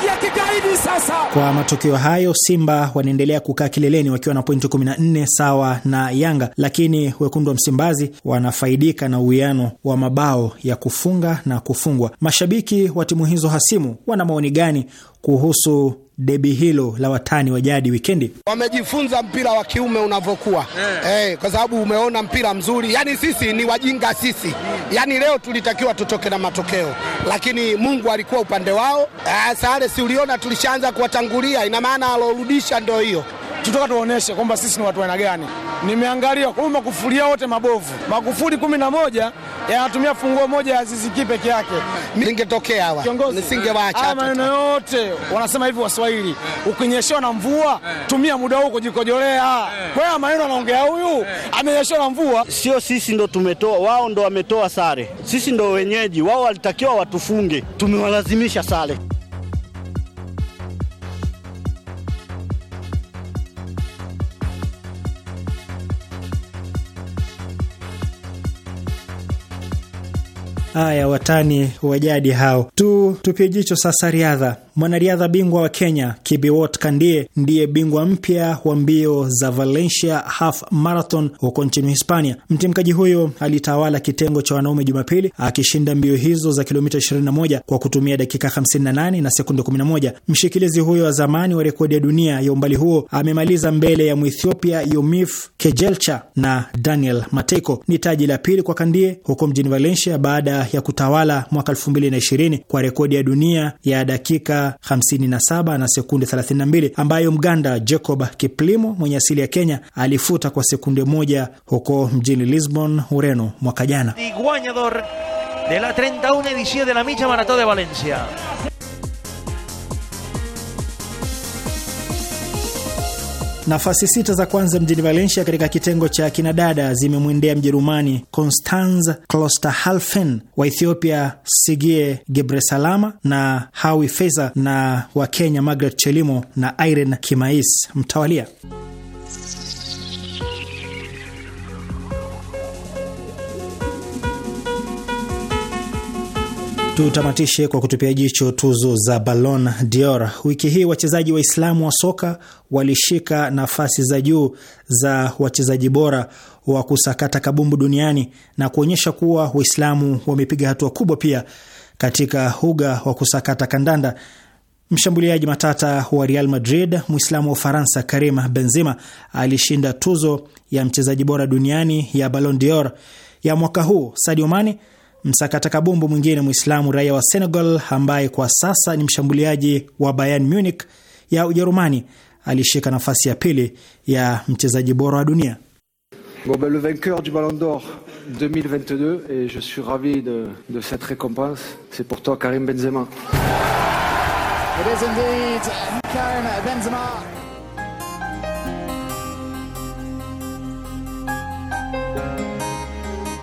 B: ya kigaidi sasa. Kwa matokeo hayo, Simba wanaendelea kukaa kileleni wakiwa na pointi 14 sawa na Yanga, lakini wekundu wa Msimbazi wanafaidika na uwiano wa mabao ya kufunga na kufungwa. Mashabiki wa timu hizo hasimu wana maoni gani kuhusu debi hilo la watani wa jadi wikendi. Wamejifunza mpira wa kiume unavyokuwa, yeah. Hey, eh, kwa sababu umeona mpira mzuri, yaani sisi ni wajinga sisi, mm. Yaani leo tulitakiwa tutoke na matokeo, lakini Mungu alikuwa upande wao. Eh, Sare si uliona, tulishaanza kuwatangulia, ina maana alorudisha ndio hiyo tutoka tuoneshe kwamba sisi ni watu aina gani. Nimeangalia kwa Magufuli wote mabovu, Magufuli kumi na moja yanatumia eh, funguo moja ya Azizi peke yake. Ningetokea hawa nisingewaacha. Ah, maneno yote wanasema hivi Waswahili, ukinyeshewa na mvua eh. tumia muda huu kujikojolea. Eh. Kwa hiyo maneno anaongea huyu, amenyeshewa na mvua. Sio sisi ndo tumetoa, wao ndo wametoa sare, sisi ndo wenyeji. Wao walitakiwa watufunge, tumewalazimisha sare. Aya, watani wa jadi hao tu. Tupie jicho sasa riadha. Mwanariadha bingwa wa Kenya Kibiwot Kandie ndiye bingwa mpya wa mbio za Valencia Half Marathon huko nchini Hispania. Mtimkaji huyo alitawala kitengo cha wanaume Jumapili akishinda mbio hizo za kilomita 21 kwa kutumia dakika 58 na sekunde 11. Mshikilizi huyo wa zamani wa rekodi ya dunia ya umbali huo amemaliza mbele ya Mwethiopia Yomif Kejelcha na Daniel Mateiko. Ni taji la pili kwa Kandie huko mjini Valencia baada ya kutawala mwaka 2020 kwa rekodi ya dunia ya dakika 57 na sekunde 32 ambayo Mganda Jacob Kiplimo mwenye asili ya Kenya alifuta kwa sekunde moja huko mjini Lisbon, Ureno mwaka jana. Nafasi sita za kwanza mjini Valencia katika kitengo cha kinadada zimemwendea Mjerumani Constanz Klosterhalfen wa Ethiopia Sigie Gebresalama na Hawi Feza na wa kenya Margaret Chelimo na Irene Kimais mtawalia. Tutamatishe kwa kutupia jicho tuzo za Ballon d'Or wiki hii. Wachezaji Waislamu wa soka walishika nafasi za juu za wachezaji bora wa kusakata kabumbu duniani na kuonyesha kuwa Waislamu wamepiga hatua kubwa pia katika uga wa kusakata kandanda. Mshambuliaji matata wa Real Madrid, Mwislamu wa Ufaransa Karim Benzema alishinda tuzo ya mchezaji bora duniani ya Ballon d'Or ya mwaka huu. Sadio Mane msakata kabumbu mwingine Mwislamu raia wa Senegal ambaye kwa sasa ni mshambuliaji wa Bayern Munich ya Ujerumani alishika nafasi ya pili ya mchezaji bora wa dunia.
F: Bon ben, le vainqueur du Ballon d'Or 2022 et je suis ravi
A: de, de cette récompense. C'est pour toi Karim Benzema.
F: It
D: is indeed Karim Benzema.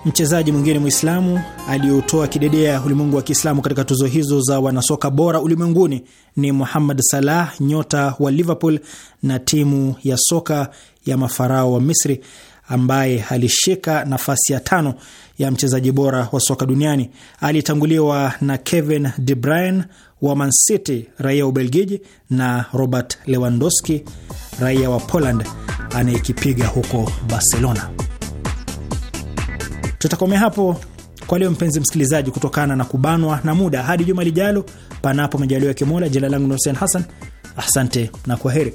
B: mchezaji mwingine Mwislamu aliyotoa kidedea ulimwengu wa Kiislamu katika tuzo hizo za wanasoka bora ulimwenguni ni Muhammad Salah, nyota wa Liverpool na timu ya soka ya mafarao wa Misri, ambaye alishika nafasi ya tano ya mchezaji bora wa soka duniani. Alitanguliwa na Kevin De Bruyne wa Man City, raia wa Ubelgiji, na Robert Lewandowski, raia wa Poland anayekipiga huko Barcelona. Tutakomea hapo kwa leo, mpenzi msikilizaji, kutokana na kubanwa na muda. Hadi juma lijalo, panapo majaliwa ya Kimola. Jina langu ni Hussein Hassan, asante na kwa heri.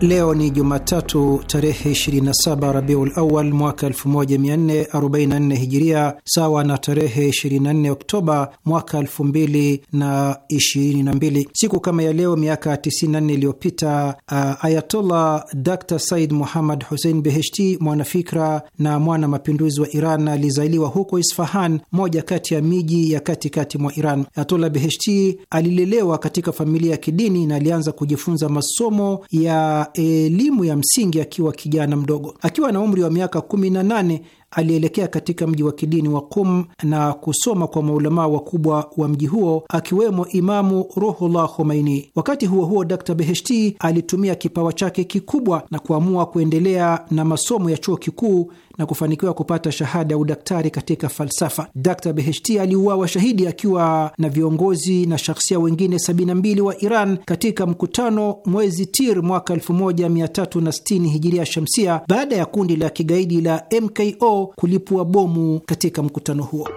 F: Leo ni Jumatatu tarehe 27 Rabiul Awal mwaka 1444 Hijiria, sawa na tarehe 24 Oktoba mwaka 2022. Siku kama ya leo miaka 94 iliyopita, uh, Ayatollah Dr Said Muhammad Hussein Beheshti, mwanafikra na mwana mapinduzi wa Iran, alizaliwa huko Isfahan, moja kati ya miji ya katikati mwa Iran. Ayatollah Beheshti alilelewa katika familia ya kidini na alianza kujifunza masomo ya elimu ya msingi akiwa kijana mdogo. Akiwa na umri wa miaka kumi na nane alielekea katika mji wa kidini wa Qum na kusoma kwa maulamaa wakubwa wa mji huo akiwemo Imamu Ruhullah Khomeini. Wakati huo huo, Dr Beheshti alitumia kipawa chake kikubwa na kuamua kuendelea na masomo ya chuo kikuu na kufanikiwa kupata shahada ya udaktari katika falsafa. Dr Beheshti aliuawa shahidi akiwa na viongozi na shakhsia wengine 72 wa Iran katika mkutano mwezi Tir mwaka 1360 hijiria shamsia baada ya kundi la kigaidi la MKO kulipua bomu katika mkutano huo.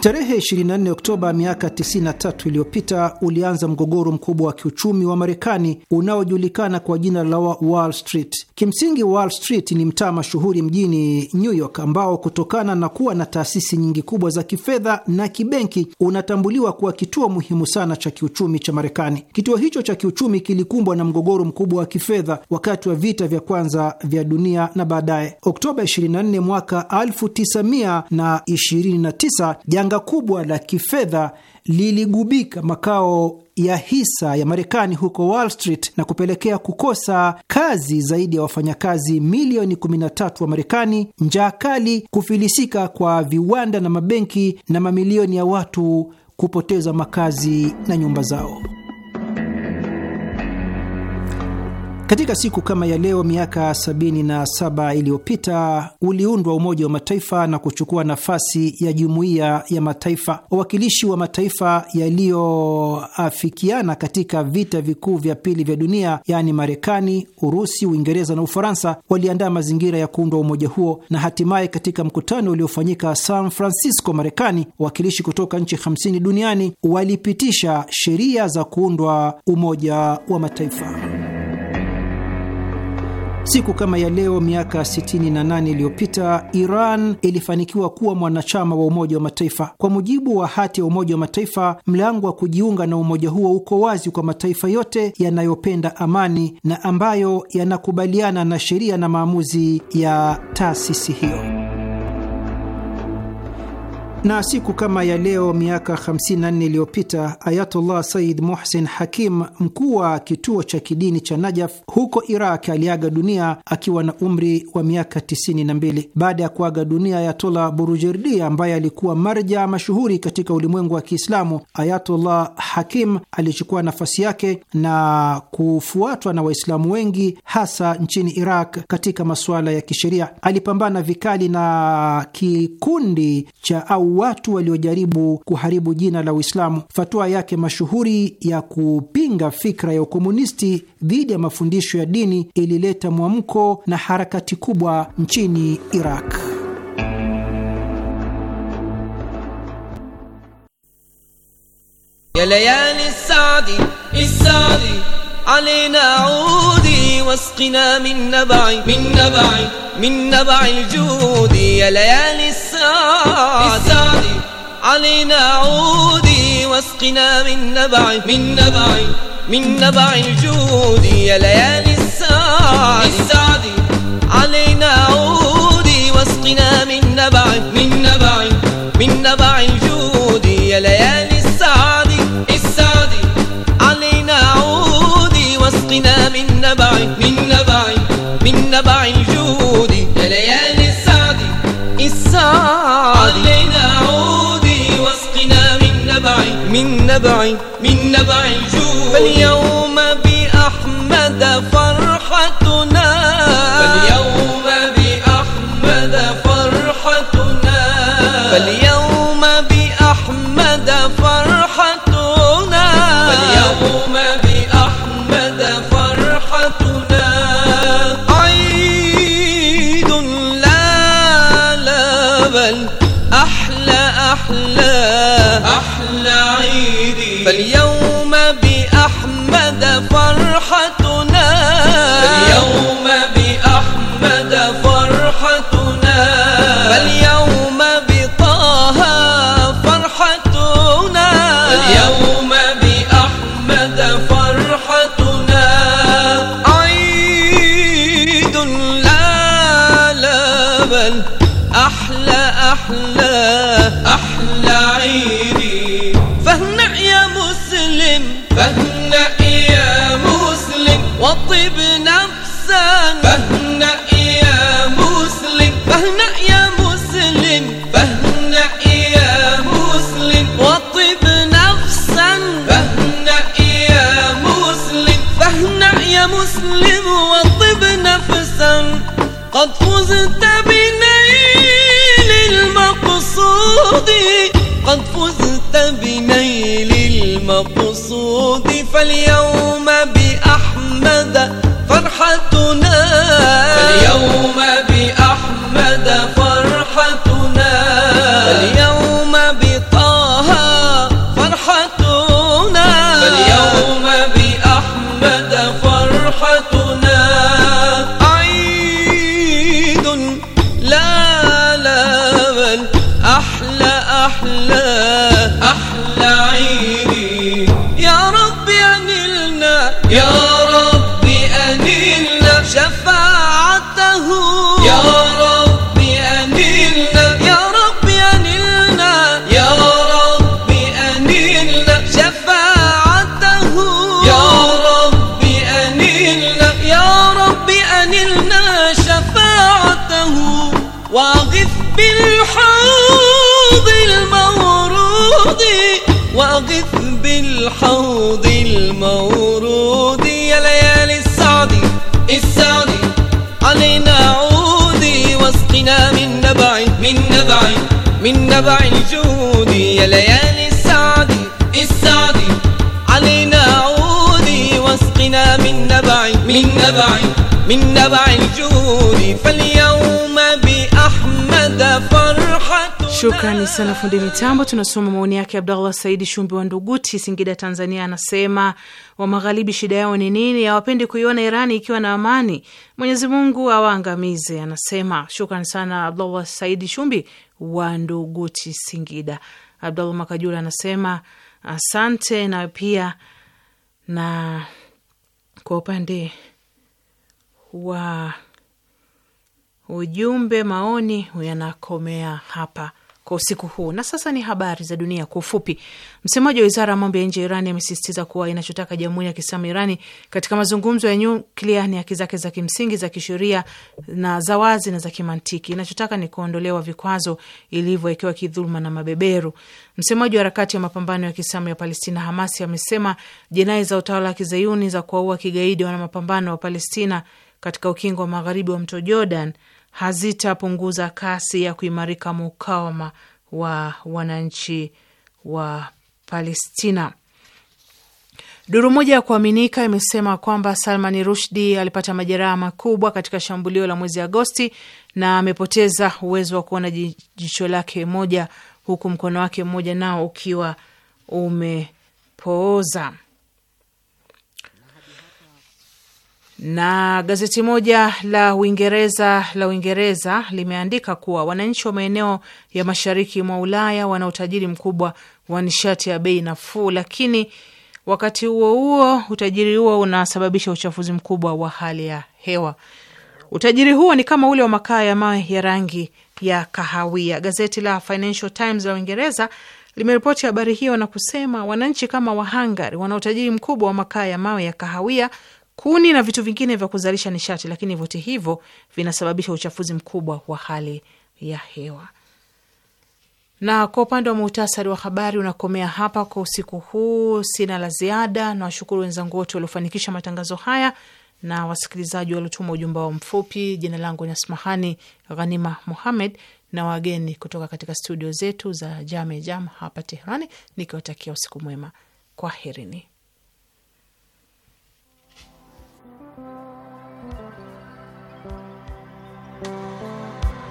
F: Tarehe 24 Oktoba miaka 93 iliyopita ulianza mgogoro mkubwa wa kiuchumi wa Marekani unaojulikana kwa jina la Wall Street. Kimsingi, Wall Street ni mtaa mashuhuri mjini New York ambao kutokana na kuwa na taasisi nyingi kubwa za kifedha na kibenki unatambuliwa kuwa kituo muhimu sana cha kiuchumi cha Marekani. Kituo hicho cha kiuchumi kilikumbwa na mgogoro mkubwa wa kifedha wakati wa vita vya kwanza vya dunia na baadaye. Oktoba 24 mwaka 1929 janga janga kubwa la kifedha liligubika makao ya hisa ya Marekani huko Wall Street na kupelekea kukosa kazi zaidi ya wafanyakazi milioni 13 wa Marekani, njaa kali, kufilisika kwa viwanda na mabenki, na mamilioni ya watu kupoteza makazi na nyumba zao. Katika siku kama ya leo miaka 77 iliyopita uliundwa Umoja wa Mataifa na kuchukua nafasi ya Jumuiya ya Mataifa. Wawakilishi wa mataifa yaliyoafikiana katika vita vikuu vya pili vya dunia, yaani Marekani, Urusi, Uingereza na Ufaransa, waliandaa mazingira ya kuundwa umoja huo, na hatimaye katika mkutano uliofanyika San Francisco, Marekani, wawakilishi kutoka nchi 50 duniani walipitisha sheria za kuundwa Umoja wa Mataifa. Siku kama ya leo miaka 68 iliyopita Iran ilifanikiwa kuwa mwanachama wa Umoja wa Mataifa. Kwa mujibu wa hati ya Umoja wa Mataifa, mlango wa kujiunga na umoja huo uko wazi kwa mataifa yote yanayopenda amani na ambayo yanakubaliana na sheria na maamuzi ya taasisi hiyo. Na siku kama ya leo miaka 54 iliyopita Ayatullah Said Muhsin Hakim, mkuu wa kituo cha kidini cha Najaf huko Iraq, aliaga dunia akiwa na umri wa miaka 92. Baada ya kuaga dunia Ayatullah Burujerdi, ambaye alikuwa marja mashuhuri katika ulimwengu wa Kiislamu, Ayatullah Hakim alichukua nafasi yake na kufuatwa na Waislamu wengi, hasa nchini Iraq. Katika masuala ya kisheria, alipambana vikali na kikundi cha au au watu waliojaribu kuharibu jina la Uislamu. Fatua yake mashuhuri ya kupinga fikra ya ukomunisti dhidi ya mafundisho ya dini ilileta mwamko na harakati kubwa nchini Iraq.
E: Ya layali saadi, علينا عودي واسقنا من نبع من نبع من نبع الجود يا ليالي السعد علينا عودي واسقنا من نبع من نبع من نبع الجود يا ليالي السعد علينا عودي واسقنا من نبع من نبع من نبع الجود واسقنا من نبع من نبع من نبع الجود يا ليالي السعد السعد علينا عودي واسقنا من نبع من نبع من نبع الجود فاليوم ¡Vale! من نبع من نبع من نبع الجود يا ليالي السعد السعد علينا عودي واسقنا من نبع من نبع من نبع
A: الجود فاليوم بأحمد فرح Shukrani sana fundi mitambo. Tunasoma maoni yake. Abdallah Saidi Shumbi wa Nduguti, Singida, Tanzania, anasema wa magharibi shida yao ni nini? Hawapendi kuiona Irani ikiwa na amani. Mwenyezi Mungu awaangamize, anasema. Shukrani sana Abdallah Saidi Shumbi wa Nduguti, Singida. Abdallah makajula anasema asante. Na pia na kwa upande wa ujumbe maoni yanakomea hapa kwa usiku huu. Na sasa ni habari za dunia kwa ufupi. Msemaji wa wizara ya mambo ya nje ya Irani amesisitiza kuwa inachotaka jamhuri ya Kiislamu Irani katika mazungumzo ya nyuklia ni haki zake za kimsingi za kisheria na za wazi na za kimantiki. Inachotaka ni kuondolewa vikwazo ilivyowekewa kidhuluma na mabeberu. Msemaji wa harakati ya mapambano ya Kiislamu ya Palestina Hamasi amesema jinai za utawala wa kizayuni za kuwaua kigaidi wana mapambano wa Palestina katika ukingo wa magharibi wa mto Jordan hazitapunguza kasi ya kuimarika mukawama wa wananchi wa Palestina. Duru moja ya kuaminika imesema kwamba Salman Rushdi alipata majeraha makubwa katika shambulio la mwezi Agosti na amepoteza uwezo wa kuona jicho lake moja, huku mkono wake mmoja nao ukiwa umepooza. Na gazeti moja la Uingereza la Uingereza limeandika kuwa wananchi wa maeneo ya mashariki mwa Ulaya wana utajiri mkubwa wa nishati ya bei nafuu, lakini wakati huo huo utajiri huo unasababisha uchafuzi mkubwa wa hali ya hewa. Utajiri huo ni kama ule wa makaa ya mawe ya rangi ya kahawia. Gazeti la Financial Times la Uingereza limeripoti habari hiyo na kusema wananchi kama Wahangari wana utajiri mkubwa wa makaa ya mawe ya kahawia kuni na vitu vingine vya kuzalisha nishati, lakini vyote hivyo vinasababisha uchafuzi mkubwa wa hali ya hewa. Na kwa upande wa muhtasari wa habari unakomea hapa kwa usiku huu. Sina la ziada, na washukuru wenzangu wote waliofanikisha matangazo haya na wasikilizaji waliotuma ujumbe wao mfupi. Jina langu ni Asmahani Ghanima Muhammed na wageni kutoka katika studio zetu za Jame Jam hapa Teherani, nikiwatakia usiku mwema. Kwaherini.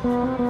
D: Mm-hmm.